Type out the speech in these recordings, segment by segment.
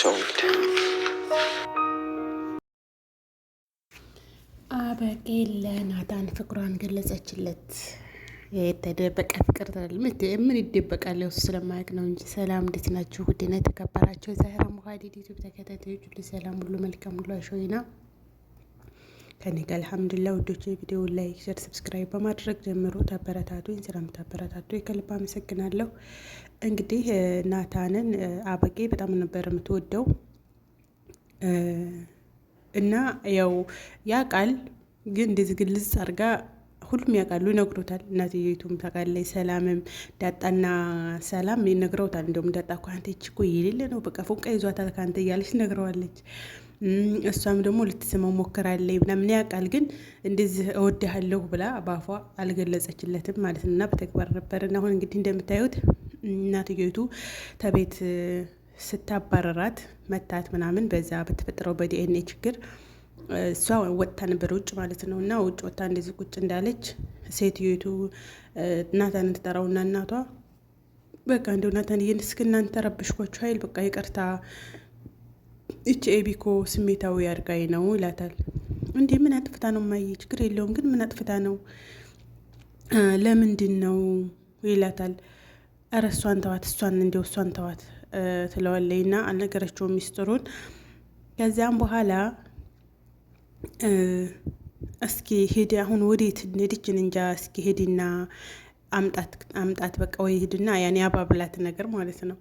ሰው እንግዲህ አበጌል ለናታን ፍቅሯን ገለጸችለት። የተደበቀ ፍቅር ትላለች። ምን ይደበቃል? እሱ ስለማያውቅ ነው እንጂ። ሰላም እንዴት ናችሁ? ውድና የተከበራችሁ የዛህራ ሙሀዲድ ዩቱብ ተከታታዮች ሁሉ ሰላም፣ ሁሉ መልካም፣ ሁሉ አሸይና ከኔ ጋር አልሐምዱሊላህ ውዶች፣ የቪዲዮ ላይክ፣ ሸር፣ ሰብስክራይብ በማድረግ ጀምሮ ተበረታቱኝ። ስለምታበረታቱ ከልብ አመሰግናለሁ። እንግዲህ ናታንን አበቄ በጣም ነበር የምትወደው እና ያው ያ ቃል ግን እንደዚህ ግልጽ አድርጋ ሁሉም ያውቃሉ፣ ይነግሮታል። እናትየቱም ታውቃለች። ሰላምም ዳጣና ሰላም ይነግረውታል። እንዲሁም ዳጣ እኮ አንተ ይቺ እኮ የሌለ ነው በቃ ፎቃ ይዟታል ከአንተ እያለች ነግረዋለች። እሷም ደግሞ ልትስማው ሞክራለች ምናምን ያውቃል፣ ግን እንደዚህ እወድሃለሁ ብላ በአፏ አልገለጸችለትም ማለት ነው እና በተግባር ነበርና አሁን እንግዲህ እንደምታዩት እናትየቱ ተቤት ስታባረራት መታት ምናምን በዛ በተፈጠረው በዲኤንኤ ችግር እሷ ወጥታ ነበር ውጭ ማለት ነው። እና ውጭ ወጥታ እንደዚህ ቁጭ እንዳለች ሴትዮቱ ናታንን ትጠራውና እናቷ በቃ እንደው ናታን ይህን እስክ እናንተ ረብሽኳችሁ ኃይል በቃ ይቅርታ፣ ይቺ ኤቢኮ ስሜታዊ አድርጋኝ ነው ይላታል። እንዴ ምን አጥፍታ ነው ማየ? ችግር የለውም ግን ምን አጥፍታ ነው ለምንድን ነው ይላታል። ኧረ እሷን ተዋት፣ እሷን እንዲያው እሷን ተዋት ትለዋለይ እና አልነገረችው ሚስጥሩን ከዚያም በኋላ እስኪ ሄድ አሁን ወዴት ሄድችን እንጃ። እስኪ ሄድና አምጣት በቃ ወይ ሄድና ያኔ አባብላት ነገር ማለት ነው።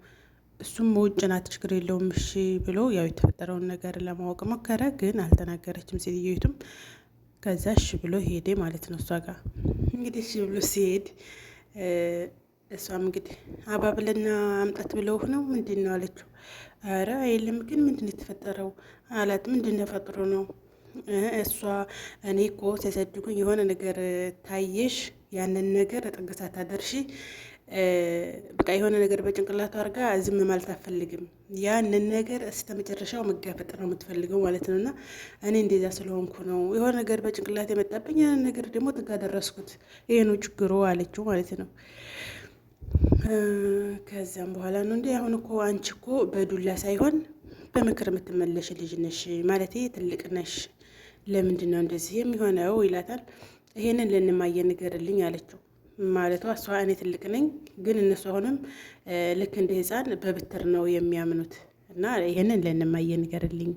እሱም ውጭ ናት ችግር የለውም እሺ ብሎ ያው የተፈጠረውን ነገር ለማወቅ ሞከረ፣ ግን አልተናገረችም ሴትዮቱም። ከዛ እሺ ብሎ ሄደ ማለት ነው እሷ ጋር እንግዲህ እሺ ብሎ ሲሄድ እሷም እንግዲህ አባብልና አምጣት ብለው ነው ምንድን ነው አለችው። አረ የለም ግን ምንድን የተፈጠረው አላት። ምንድን ተፈጥሮ ነው እሷ እኔ እኮ ሲያሳድጉኝ የሆነ ነገር ታየሽ፣ ያንን ነገር ጥግሳ ታደርሺ በቃ የሆነ ነገር በጭንቅላቱ አድርጋ ዝም ማለት አትፈልግም። ያንን ነገር እስከ መጨረሻው መጋፈጥ ነው የምትፈልገው ማለት ነው። እና እኔ እንደዛ ስለሆንኩ ነው የሆነ ነገር በጭንቅላት የመጣብኝ ያንን ነገር ደግሞ ጥጋ ደረስኩት። ይሄ ነው ችግሩ አለችው ማለት ነው። ከዚያም በኋላ ነው እንዲ አሁን እኮ አንቺ እኮ በዱላ ሳይሆን በምክር የምትመለሽ ልጅ ነሽ ማለት ትልቅ ነሽ፣ ለምንድን ነው እንደዚህ የሚሆነው ይላታል። ይሄንን ልንማየ ንገርልኝ አለችው። ማለቷ እሷ እኔ ትልቅ ነኝ፣ ግን እነሱ አሁንም ልክ እንደ ሕፃን በብትር ነው የሚያምኑት እና ይሄንን ልንማየ ንገርልኝ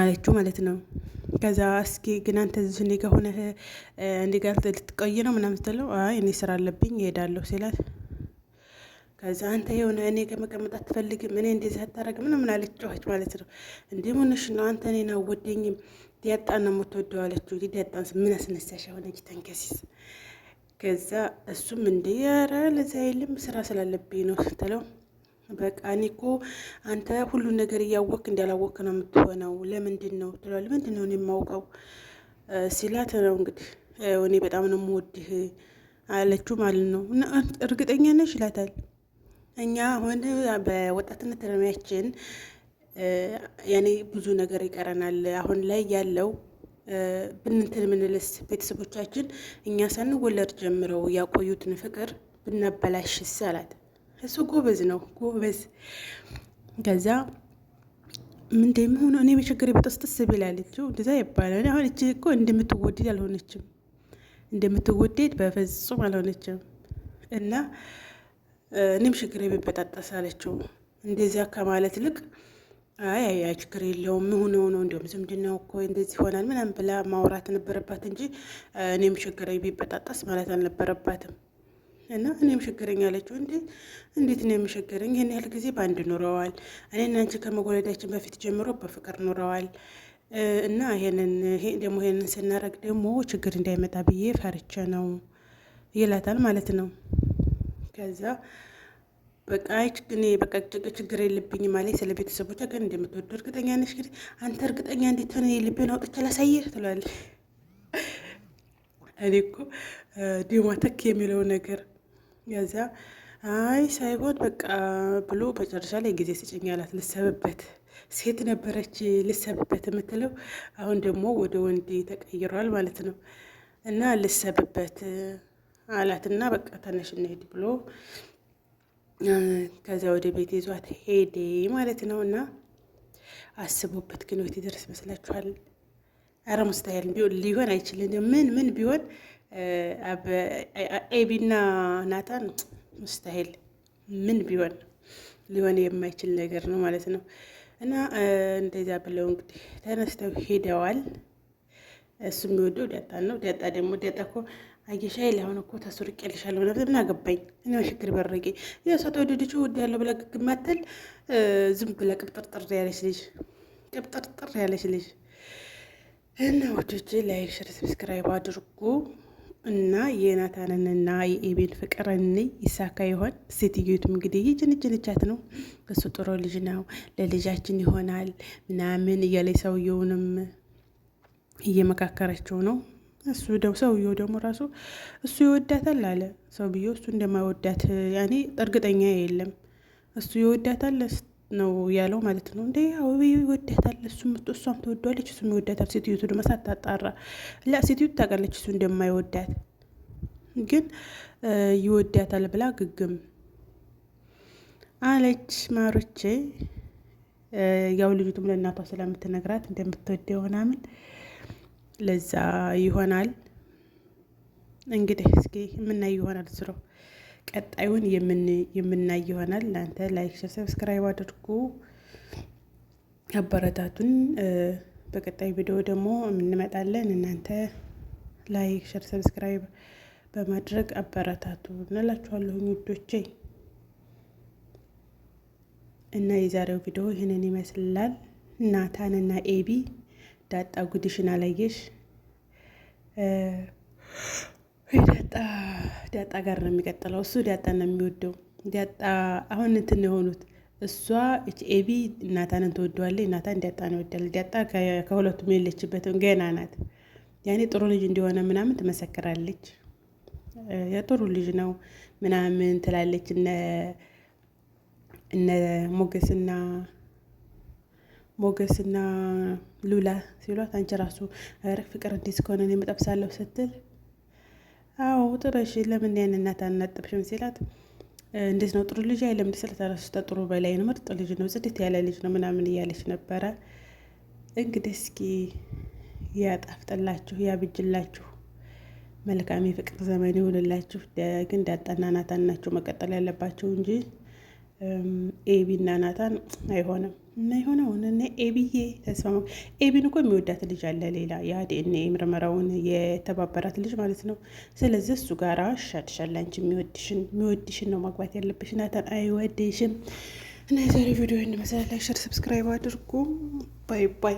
አለችው ማለት ነው። ከዛ እስኪ ግን አንተ እዚህ እኔ ጋ ሆነህ ጋር ልትቆይ ነው ምናምን ስትለው እኔ ስራ አለብኝ እሄዳለሁ ሲላት ከዛ አንተ የሆነ እኔ ከመቀመጥ አትፈልግም፣ እኔ እንደዚህ አታረግ ምናምን አለች። ጮኸች ማለት ነው። እንዲህ ሆነሽ ነው አንተ እኔን አወደኝም፣ ዲያጣን ነው የምትወደው አለችው። ዲያጣን ምን አስነሳሽ የሆነች ተንከሲስ። ከዛ እሱም እንደ ኧረ ለዛ የለም ስራ ስላለብኝ ነው ስትለው በቃ እኔ እኮ አንተ ሁሉ ነገር እያወቅ እንዳላወቅ ነው የምትሆነው። ለምንድን ነው ትለዋል። ምንድን ነው የማውቀው ሲላት ነው እንግዲህ እኔ በጣም ነው የምወድህ አለችው ማለት ነው። እርግጠኛ ነሽ ይላታል። እኛ አሁን በወጣትነት እድሜያችን ያኔ ብዙ ነገር ይቀረናል። አሁን ላይ ያለው ብንንትን ምንልስ ቤተሰቦቻችን እኛ ሳንወለድ ጀምረው ያቆዩትን ፍቅር ብናበላሽስ አላት። እሱ ጎበዝ ነው ጎበዝ። ከዛ ምንድ ሆኖ እኔ መቸገር በጠስጥስ ብላለች። እንደዛ ይባላል። አሁን እች እኮ እንደምትወደድ አልሆነችም፣ እንደምትወደድ በፍጹም አልሆነችም እና እኔም ችግር ቢበጣጠስ አለችው። እንደዚያ ከማለት ልቅ አይ አይ ችግር የለውም ምን ሆኖ ነው እንዲሁም ዝምድናው እኮ እንደዚህ ሆናል ምናምን ብላ ማውራት ነበረባት እንጂ እኔም ችግር ቢበጣጠስ ማለት አልነበረባትም። እና እኔም ችግረኝ አለችው። እንዴ እንዴት ነው የምቸገረኝ? ይህን ያህል ጊዜ በአንድ ኑረዋል። እና አንቺ ከመጎለዳችን በፊት ጀምሮ በፍቅር ኑረዋል። እና ይሄንን ደግሞ ይሄንን ስናረግ ደግሞ ችግር እንዳይመጣ ብዬ ፈርቼ ነው ይላታል ማለት ነው። ከዛ በቃ ግን በቃ ችግር የለብኝም አለኝ። ስለ ቤተሰቦቿ ግን እንደምትወዱ እርግጠኛ ነሽ? ግን አንተ እርግጠኛ እንዴት ሆነ? ልብን አውጥቼ ላሳየህ ትላለች። እኔ እኮ ዴማተክ የሚለው ነገር ያዛ አይ ሳይሆን በቃ ብሎ መጨረሻ ላይ ጊዜ ስጭኝ አላት። ልሰብበት ሴት ነበረች ልሰብበት የምትለው አሁን ደግሞ ወደ ወንድ ተቀይሯል ማለት ነው እና ልሰብበት አላትና በቃ ተነሽ እንሂድ ብሎ ከዚያ ወደ ቤት ይዟት ሄዴ ማለት ነው። እና አስቦበት ግን ወት ይደርስ ይመስላችኋል? ኧረ ሙስታይል ሊሆን አይችልም። ምን ምን ቢሆን ኤቢና ናታን ሙስታይል ምን ቢሆን ሊሆን የማይችል ነገር ነው ማለት ነው። እና እንደዚያ ብለው እንግዲህ ተነስተው ሄደዋል። እሱ የሚወደው ዳጣ ነው። ዳጣ ደግሞ ዳጣ እኮ አየሻይ ላይሆን እኮ ተስርቅ ያልሻለሁ ለምን አገባኝ? እኔ ሽግር በረጌ የሰጠ ወደድቹ ውድ ያለው ብላ ግማተል ዝም ብላ ቅብጥርጥር ያለች ልጅ ቅብጥርጥር ያለች ልጅ እና ወዶች ላይክ፣ ሸር፣ ሰብስክራይብ አድርጉ እና የናታንንና የኤቤን ፍቅር እኔ ይሳካ ይሆን? ሴትዮቱም እንግዲህ ይጅንጅንቻት ነው እሱ ጥሩ ልጅ ነው ለልጃችን ይሆናል ምናምን እያለች ሰውየውንም እየመካከረችው ነው። እሱ ደው ሰውየው ደግሞ ራሱ እሱ ይወዳታል አለ ብዬ እሱ እንደማይወዳት ያኔ እርግጠኛ የለም። እሱ ይወዳታል ነው ያለው ማለት ነው። እንደ ያው ይወዳታል፣ እሷም ትወደዋለች፣ እሱም ይወዳታል። ሴትዮቱ ደግሞ ሳታጣራ ላ ሴትዮቱ ታውቃለች እሱ እንደማይወዳት ግን ይወዳታል ብላ ግግም አለች ማሮቼ። ያው ልጅቱም ለእናቷ ስለምትነግራት እንደምትወደው ምናምን ለዛ ይሆናል እንግዲህ እስኪ የምናይ ይሆናል ስሮ ቀጣዩን የምናይ ይሆናል። እናንተ ላይክ፣ ሸር፣ ሰብስክራይብ አድርጉ አበረታቱን። በቀጣይ ቪዲዮ ደግሞ የምንመጣለን። እናንተ ላይክ፣ ሸር፣ ሰብስክራይብ በማድረግ አበረታቱ እንላችኋለሁ ውዶቼ። እና የዛሬው ቪዲዮ ይህንን ይመስላል። ናታን እና ኤቢ ዳጣ ጉድሽን አላየሽ? ዳጣ ዳጣ ጋር ነው የሚቀጥለው። እሱ ዳጣ ነው የሚወደው። ዳጣ አሁን እንትን የሆኑት እሷ ኤቢ እናታንን ትወደዋለች፣ እናታን ነው ይወዳል። ዳጣ ከሁለቱም የለችበትም፣ ገና ናት። ያኔ ጥሩ ልጅ እንደሆነ ምናምን ትመሰክራለች። የጥሩ ልጅ ነው ምናምን ትላለች እነ ሞገስና ሞገስና ሉላ ሲሏት አንቺ ራሱ ረቅ ፍቅር እንዲህ ከሆነ እኔ የምጠብሳለሁ ስትል አዎ ጥረሽ ለምን ያን እናት አናጥብሽም ሲላት እንዴት ነው ጥሩ ልጅ አይለም ስለት ራሱ ተጥሩ በላይ ነው ምርጥ ልጅ ነው ጽድት ያለ ልጅ ነው ምናምን እያለች ነበረ። እንግዲህ እስኪ ያጣፍጥላችሁ ያብጅላችሁ መልካም የፍቅር ዘመን ይሁንላችሁ። ግን ዳጣና ናታን ናቸው መቀጠል ያለባቸው እንጂ ኤቢ ናታን አይሆንም እና የሆነ ሆነ እና ኤቢዬ ተስማማ። ኤቢን እኮ የሚወዳት ልጅ አለ ሌላ የዲኤንኤ ምርመራውን የተባበራት ልጅ ማለት ነው። ስለዚህ እሱ ጋር ሻድሻል። አንቺ የሚወድሽን የሚወድሽን ነው ማግባት ያለብሽ። ናታን አይወድሽም። እና የዛሬ ቪዲዮ ይመስላል። ላይክ፣ ሸር፣ ሰብስክራይብ አድርጉ። ባይ ባይ።